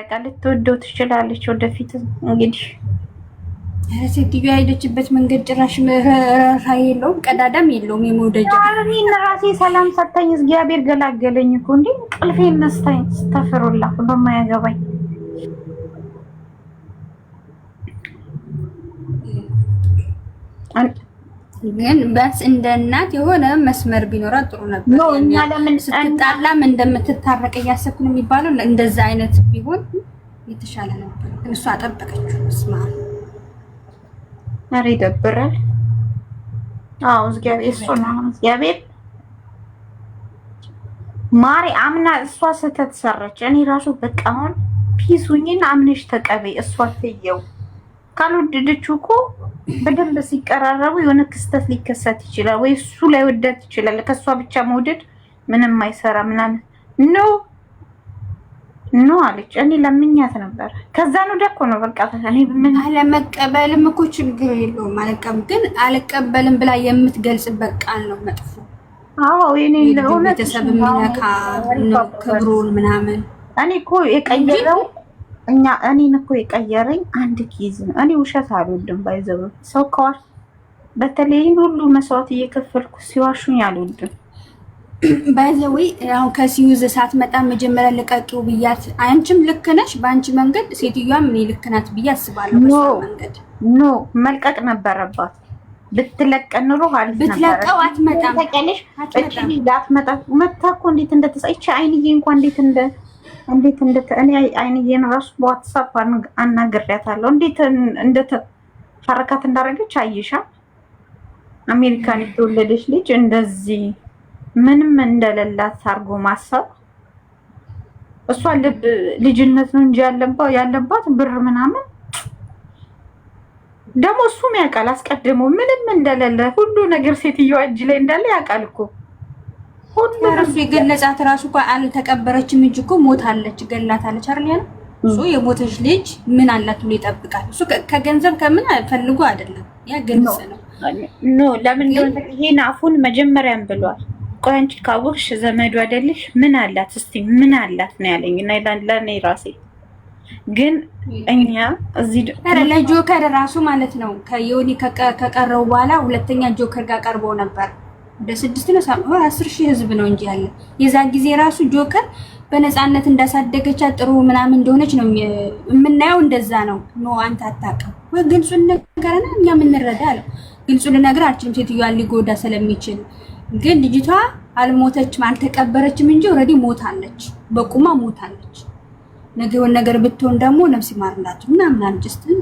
በቃ ልትወደው ትችላለች። ወደፊት እንግዲህ ሴትዮ የሄደችበት መንገድ ጭራሽ ራራ የለውም፣ ቀዳዳም የለውም። የመውደጃ እኔን ራሴ ሰላም ሰጥተኝ እግዚአብሔር ገላገለኝ እኮ እንዴ! ቅልፌ ነስታኝ ስታፈሩላ ሁሉም አያገባኝ ግን በስ እንደ እናት የሆነ መስመር ቢኖራት ጥሩ ነበር። ኖ እኛ ለምን ስትጣላም እንደምትታረቅ እያሰብኩ ነው የሚባለው። እንደዛ አይነት ቢሆን የተሻለ ነበር። ግን እሷ አጠበቀችው። ስማ፣ ኧረ ይደብራል። አዎ እግዚአብሔር እሱ ነው እግዚአብሔር ማሪ አምና እሷ ስህተት ሰራች። እኔ ራሱ በቃ አሁን ፒሱኝን አምነሽ ተቀበይ እሷ ትየው ካልወደደችው እኮ በደንብ ሲቀራረቡ የሆነ ክስተት ሊከሰት ይችላል፣ ወይ እሱ ላይ ወዳት ይችላል። ከእሷ ብቻ መውደድ ምንም አይሰራ ምናምን ኖ ኖ አለች። እኔ ለምኛት ነበር። ከዛ ነው ደኮ ነው በቃ ምን አለመቀበልም እኮ ችግር የለውም አለቀም፣ ግን አለቀበልም ብላ የምትገልጽ ቃል ነው መጥፎ። አዎ የኔ ለሆነ ቤተሰብ የሚነካ ክብሩን ምናምን እኔ እኮ የቀየረው እኛ እኔን እኮ የቀየረኝ አንድ ኪዝ ነው። እኔ ውሸት አልወድም። ባይዘው ሰው ከዋሽ በተለይ ሁሉ መስዋዕት እየከፈልኩ ሲዋሹኝ አልወድም። ባይዘዊ አሁን ከሲዩዝ እሳት መጣ መጀመሪያ ልቀቂው ብያት፣ አንቺም ልክ ነሽ በአንቺ መንገድ፣ ሴትዮዋም እኔ ልክ ናት ብዬ አስባለሁ። ኖ ኖ መልቀቅ ነበረባት። ብትለቀን ኑሮ አሪፍ ነበር። ብትለቀው አትመጣም። ታውቂያለሽ፣ እቺ ላትመጣ መታ እኮ እንዴት እንደተሳይች አይንዬ እንኳን እንዴት እንደ እንዴት እኔ አይንዬን ራሱ በዋትሳፕ አናግሬያታለሁ። እንዴት እንደተፈረካት እንዳደረገች አይሻ አሜሪካን የተወለደች ልጅ እንደዚህ ምንም እንደሌላት አድርጎ ማሰብ እሷ ልብ ልጅነት ነው እንጂ ያለባት ብር ምናምን ደግሞ እሱም ያውቃል። አስቀድሞ ምንም እንደሌለ ሁሉ ነገር ሴትዮዋ እጅ ላይ እንዳለ ያውቃል እኮ ሁሉ እሱ ራሱ እኮ አልተቀበረችም እንጂ እኮ ሞታለች፣ ገላታለች አይደል ያለው እሱ የሞተች ልጅ ምን አላት ብሎ ይጠብቃል? እሱ ከገንዘብ ከምን ፈልጎ አይደለም፣ ያ ግልጽ ነው። ኖ ለምን ይሄን አፉን መጀመሪያም ብሏል። ቆይ አንቺ ካወቅሽ ዘመዱ አይደልሽ? ምን አላት እስቲ ምን አላት ነው ያለኝ። እና ለእኔ ራሴ ግን እኛ እዚህ ለጆከር ራሱ ማለት ነው ከዮኒ ከቀረው በኋላ ሁለተኛ ጆከር ጋር ቀርቦ ነበር ወደ ስድስት ነው ሳይሆን አስር ሺህ ህዝብ ነው እንጂ ያለ የዛ ጊዜ ራሱ ጆከር በነፃነት እንዳሳደገቻት ጥሩ ምናምን እንደሆነች ነው የምናየው። እንደዛ ነው ኖ አንተ አታውቅም ወይ ግልጹን ነገርና እኛ የምንረዳ አለው። ግልጹን ልነግር አልችልም ሴትዮዋን ሊጎዳ ስለሚችል፣ ግን ልጅቷ አልሞተችም አልተቀበረችም እንጂ ኦልሬዲ ሞታለች፣ በቁማ ሞታለች። ነገውን ነገር ብትሆን ደግሞ ነፍስ ይማርላችሁ ምናምን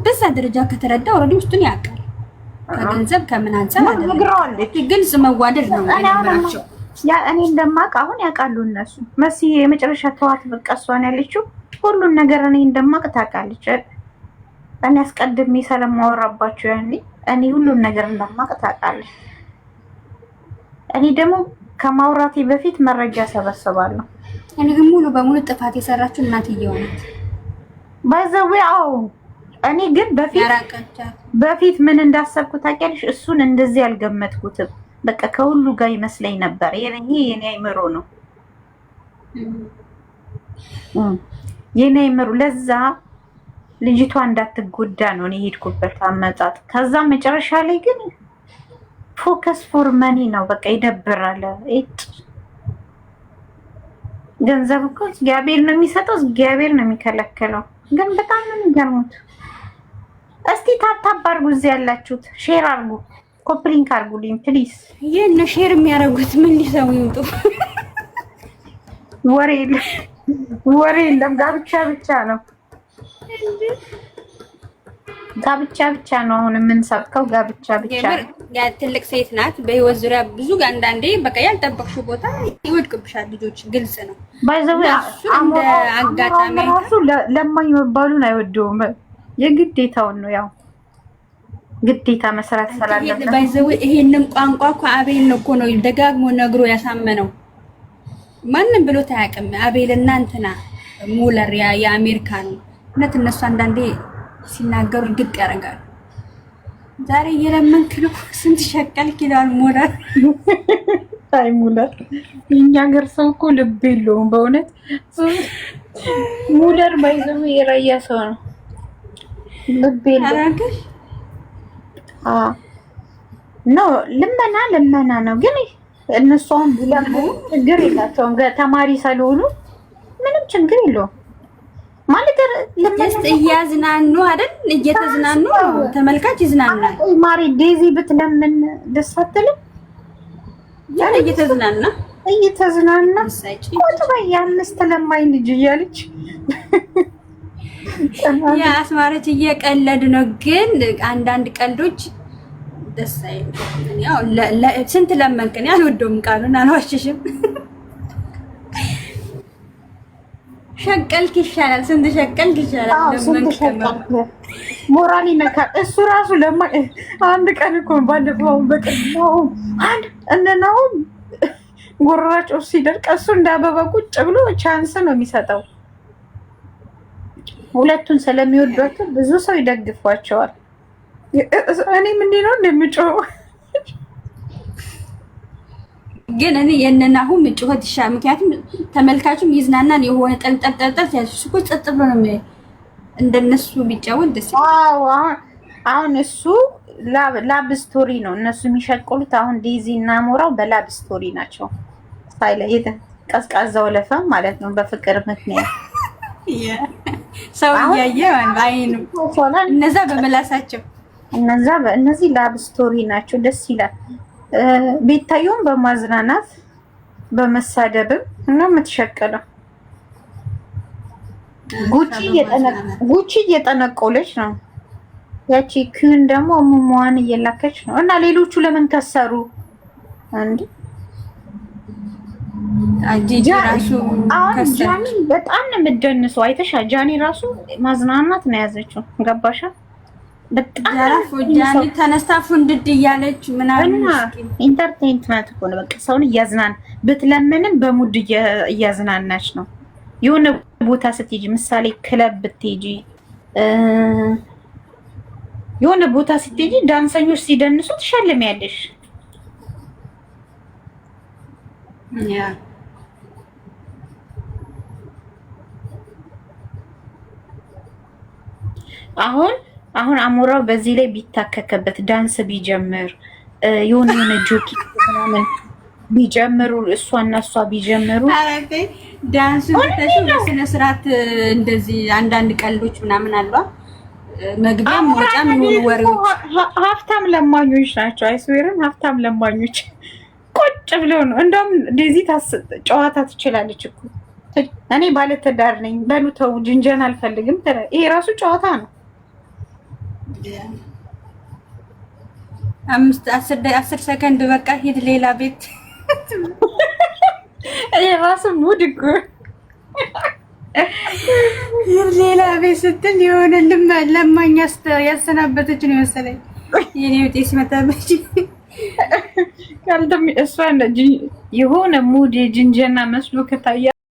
በዛ ደረጃ ከተረዳ ኦልሬዲ ውስጡን ያውቃል። ከገንዘብ ከምን አንፃር ግን መዋደድ ነው ያ እኔ እንደማውቅ አሁን ያውቃሉ እነሱ መሲ የመጨረሻ ተዋት በቃ እሷን ያለችው ሁሉን ነገር እኔ እንደማውቅ ታውቃለች። እኔ አስቀድሜ ስለማወራባቸው ያኔ እኔ ሁሉን ነገር እንደማውቅ ታውቃለች። እኔ ደግሞ ከማውራቴ በፊት መረጃ ሰበስባለሁ። እኔ ግን ሙሉ በሙሉ ጥፋት የሰራችው እናትየው ናት። ባይዘዌ አዎ እኔ ግን በፊት በፊት ምን እንዳሰብኩ ታውቂያለሽ? እሱን እንደዚህ ያልገመትኩትም በቃ ከሁሉ ጋር ይመስለኝ ነበር። ይሄ የኔ አይምሮ ነው የኔ አይምሮ። ለዛ ልጅቷ እንዳትጎዳ ነው እኔ የሄድኩበት አመጣጥ። ከዛ መጨረሻ ላይ ግን ፎከስ ፎር መኒ ነው በቃ ይደብራል። እጭ ገንዘብ እኮ እግዚአብሔር ነው የሚሰጠው፣ እግዚአብሔር ነው የሚከለከለው። ግን በጣም ነው የሚገርሙት። እስቲ ታብታብ አድርጉ። እዚህ ያላችሁት ሼር አርጉ፣ ኮፕሊንክ አርጉልኝ ፕሊስ። ይህን ሼር የሚያደርጉት ምን ሊሰው ይምጡ? ወሬ ወሬ የለም፣ ጋብቻ ብቻ ነው። ጋብቻ ብቻ ነው። አሁን የምንሰብከው ጋብቻ ብቻ ያ ትልቅ ሴት ናት። በህይወት ዙሪያ ብዙ ጋር አንዳንዴ በቃ ያልጠበቅሽው ቦታ ይወድቅብሻል። ልጆች ግልጽ ነው። ባይዘው አጋጣሚ ራሱ ለማኝ መባሉን አይወደውም። የግዴታውን ነው ያው ግዴታ መሰረት ስላለበት ባይዘው ይሄንን ቋንቋ እኮ አቤል እኮ ነው ደጋግሞ ነግሮ ያሳመነው። ማንም ብሎት አያውቅም። አቤል እና እንትና ሙለር የአሜሪካ ነው። እውነት እነሱ አንዳንዴ ሲናገሩ ድቅ ያደርጋሉ። ዛሬ እየለመንክ ነው ስንት ሸቀል ይላል ሙለር። አይ ሙለር የኛ ሀገር ሰው እኮ ልብ የለውም በእውነት ሙለር ባይዘው የራያ ሰው ነው። ኖ ልመና ልመና ነው። ግን እነሱ አሁን ቢለምኑ ችግር የላቸውም ተማሪ ስለሆኑ ምንም ችግር የለውም። ማለት እያዝናኑ አይደል? እየተዝናኑ ተመልካች ይዝናናል። ማሪ ዴዚ ብትለምን ደስ አትልም? እየተዝናና እየተዝናና ቁጭ በይ አምስት ለማኝ ልጅ እያለች የአስማረች እየቀለድ ነው፣ ግን አንዳንድ ቀልዶች ደስ አይልም። ያው ስንት ለመንከን አልወደውም፣ ቃሉን አልዋሽሽም። ሸቀልክ ይሻላል፣ ስንት ሸቀልክ ይሻላል። ሞራል ይነካል። እሱ ራሱ ለማ አንድ ቀን እኮ ባለፈው አንድ ሲደርቅ እሱ እንደ አበባ ቁጭ ብሎ ቻንስ ነው የሚሰጠው ሁለቱን ስለሚወዷቸው ብዙ ሰው ይደግፏቸዋል። እኔ ምንድን ነው እንደምጮኸው ግን እኔ የነናሁ ምጭሆት ይሻላል። ምክንያቱም ተመልካቹም ይዝናናን የሆነ ጠልጠልጠልጠል ሲያሱ እኮ ጸጥ ብሎ ነው እንደነሱ ቢጫወት ደስ አሁን እሱ ላብ ስቶሪ ነው እነሱ የሚሸቅሉት። አሁን ዴዚ እና ሞራው በላብ ስቶሪ ናቸው። ቀዝቃዛ ወለፈም ማለት ነው በፍቅር ምክንያት ሰው እያየ በአይኑ እነዛ በመላሳቸው እነዛ እነዚህ ላብ ስቶሪ ናቸው። ደስ ይላል። ቤታየውን በማዝናናት በመሳደብም እና የምትሸቀለው ጉቺ እየጠነቆለች ነው። ያቺ ክን ደግሞ ሙሟን እየላከች ነው እና ሌሎቹ ለምን ከሰሩ እንዴ? ጃኒ በጣም ነው የምትደንሰው። አይተሻ ጃኒ ራሱ ማዝናናት ነው ያዘችው። ገባሻ? በጣም ተነስታ ፉንድድ እያለች ምናምን ኢንተርቴንትመንት እኮ ነው። በቃ ሰውን እያዝናን ብትለምንም በሙድ እያዝናናች ነው። የሆነ ቦታ ስትሄጂ፣ ምሳሌ ክለብ ብትሄጂ፣ የሆነ ቦታ ስትሄጂ ዳንሰኞች ሲደንሱ ትሸልሚያለሽ። Yeah. አሁን አሁን አሞራው በዚህ ላይ ቢታከከበት ዳንስ ቢጀምር የሆነ የሆነ ጆኪ ምናምን ቢጀምሩ እሷ እና እሷ ቢጀምሩ ዳንሱ ስነ ስርዓት እንደዚህ አንዳንድ ቀልዶች ምናምን አሏ። መግቢያም ወጫም ወሬዎች ሀብታም ለማኞች ናቸው። አይስዌርን ሀብታም ለማኞች ቁጭ ብለው ነው። እንደውም ዴዚ ጨዋታ ትችላለች እኮ እኔ ባለትዳር ነኝ በሉ ተው፣ ጅንጀን አልፈልግም። ይሄ ራሱ ጨዋታ ነው። አስር ሰከንድ በቃ ሂድ ሌላ ቤት። ይሄ ራሱ ሙድ እኮ ሂድ ሌላ ቤት ስትል የሆነ ለማኝ ያሰናበተች ነው የመሰለኝ የኔ ሲመጣ ሲመጣበች ያልደም እሷ የሆነ ሙድ የጅንጀና መስሎ ከታያ